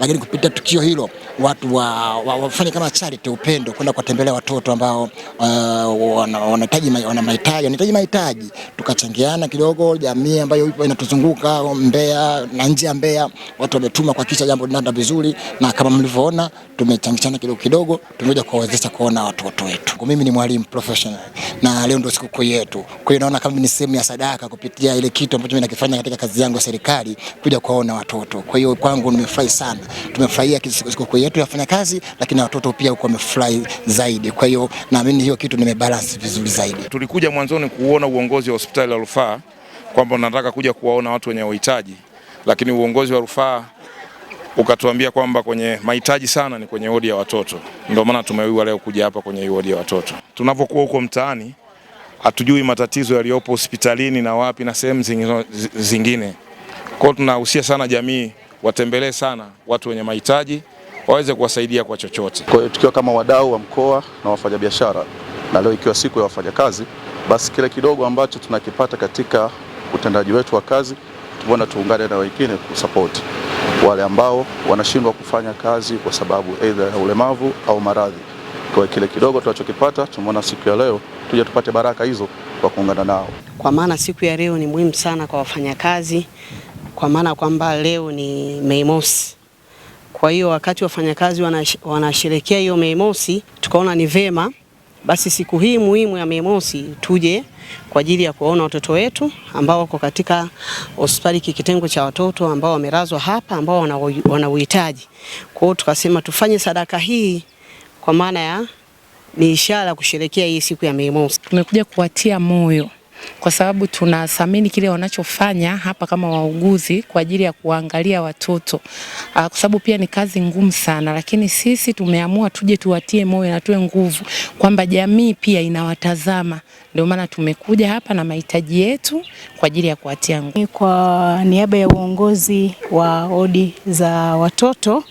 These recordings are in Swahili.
lakini kupitia tukio hilo watu wa, wa, wafanye kama charity upendo, kwenda kuwatembelea watoto ambao uh, wanahitaji uh, wana mahitaji wanahitaji mahitaji, tukachangiana kidogo. Jamii ambayo ipo inatuzunguka Mbeya na nje ya Mbeya, watu wametuma kwa kisha jambo linaenda vizuri, na kama mlivyoona tumechangishana kidogo kidogo, tumekuja kuwawezesha kuona watoto wetu. Mimi ni mwalimu professional na leo ndio sikukuu yetu, kwa hiyo naona kama ni sehemu ya sadaka kupitia ile kitu ambacho mimi nakifanya katika kazi yangu ya serikali, kuja kuwaona watoto. Kwa hiyo kwangu nimefurahi sana, tumefurahia sikukuu yetu ya wafanyakazi, lakini watoto pia huko wamefurahi zaidi. Kwa hiyo naamini hiyo kitu nimebalance vizuri zaidi. Tulikuja mwanzoni kuona uongozi wa hospitali ya rufaa kwamba nataka kuja kuwaona watu wenye uhitaji, lakini uongozi wa rufaa ukatuambia kwamba kwenye mahitaji sana ni kwenye wodi ya watoto. Ndio maana tumeiwa leo kuja hapa kwenye wodi ya watoto. Tunapokuwa huko mtaani, hatujui matatizo yaliyopo hospitalini na wapi na sehemu zingine. Kwa hiyo tunahusia sana jamii watembelee sana watu wenye mahitaji waweze kuwasaidia kwa chochote. Kwa hiyo tukiwa kama wadau wa mkoa na wafanyabiashara, na leo ikiwa siku ya wafanyakazi, basi kile kidogo ambacho tunakipata katika utendaji wetu wa kazi tumeona tuungane na wengine kusapoti wale ambao wanashindwa kufanya kazi kwa sababu aidha ya ulemavu au maradhi. Kwa kile kidogo tunachokipata tumeona siku ya leo tuje tupate baraka hizo kwa kuungana nao, kwa maana siku ya leo ni muhimu sana kwa wafanyakazi, kwa maana kwamba leo ni Mei Mosi kwa hiyo wakati wafanyakazi wanasherekea hiyo Mei Mosi, tukaona ni vema basi siku hii muhimu ya Mei Mosi tuje kwa ajili ya kuwaona watoto wetu ambao wako katika hospitali kitengo cha watoto ambao wamelazwa hapa ambao wana uhitaji. Kwa hiyo tukasema tufanye sadaka hii kwa maana ya ni ishara kusherekea hii siku ya Mei Mosi. Tumekuja kuwatia moyo kwa sababu tunathamini kile wanachofanya hapa kama wauguzi kwa ajili ya kuangalia watoto, ah, kwa sababu pia ni kazi ngumu sana, lakini sisi tumeamua tuje tuwatie moyo na tuwe nguvu kwamba jamii pia inawatazama. Ndio maana tumekuja hapa na mahitaji yetu kwa ajili ya kuwatia nguvu. Kwa niaba ya uongozi wa odi za watoto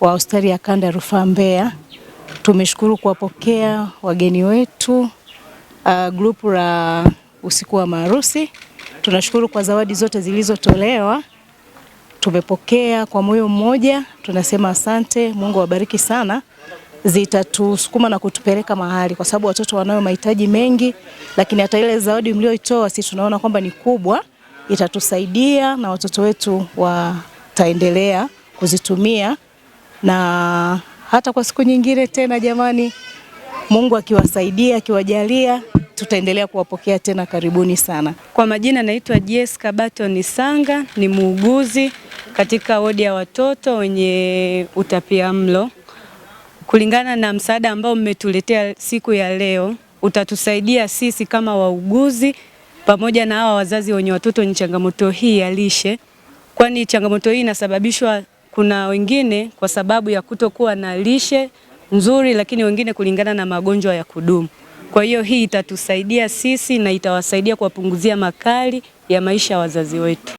wa hospitali ya kanda ya rufaa Mbeya, tumeshukuru kuwapokea wageni wetu uh, grupu la usiku wa maharusi. Tunashukuru kwa zawadi zote zilizotolewa, tumepokea kwa moyo mmoja, tunasema asante, Mungu awabariki sana. Zitatusukuma na kutupeleka mahali, kwa sababu watoto wanayo mahitaji mengi, lakini hata ile zawadi mlioitoa, si tunaona kwamba ni kubwa, itatusaidia na watoto wetu wataendelea kuzitumia na hata kwa siku nyingine tena, jamani. Mungu akiwasaidia akiwajalia tutaendelea kuwapokea tena, karibuni sana. Kwa majina naitwa Jessica Baton Sanga, ni muuguzi katika wodi ya watoto wenye utapiamlo. Kulingana na msaada ambao mmetuletea siku ya leo, utatusaidia sisi kama wauguzi pamoja na hawa wazazi wenye watoto wenye changamoto hii ya lishe, kwani changamoto hii inasababishwa kuna wengine kwa sababu ya kutokuwa na lishe nzuri, lakini wengine kulingana na magonjwa ya kudumu. Kwa hiyo hii itatusaidia sisi na itawasaidia kuwapunguzia makali ya maisha ya wazazi wetu.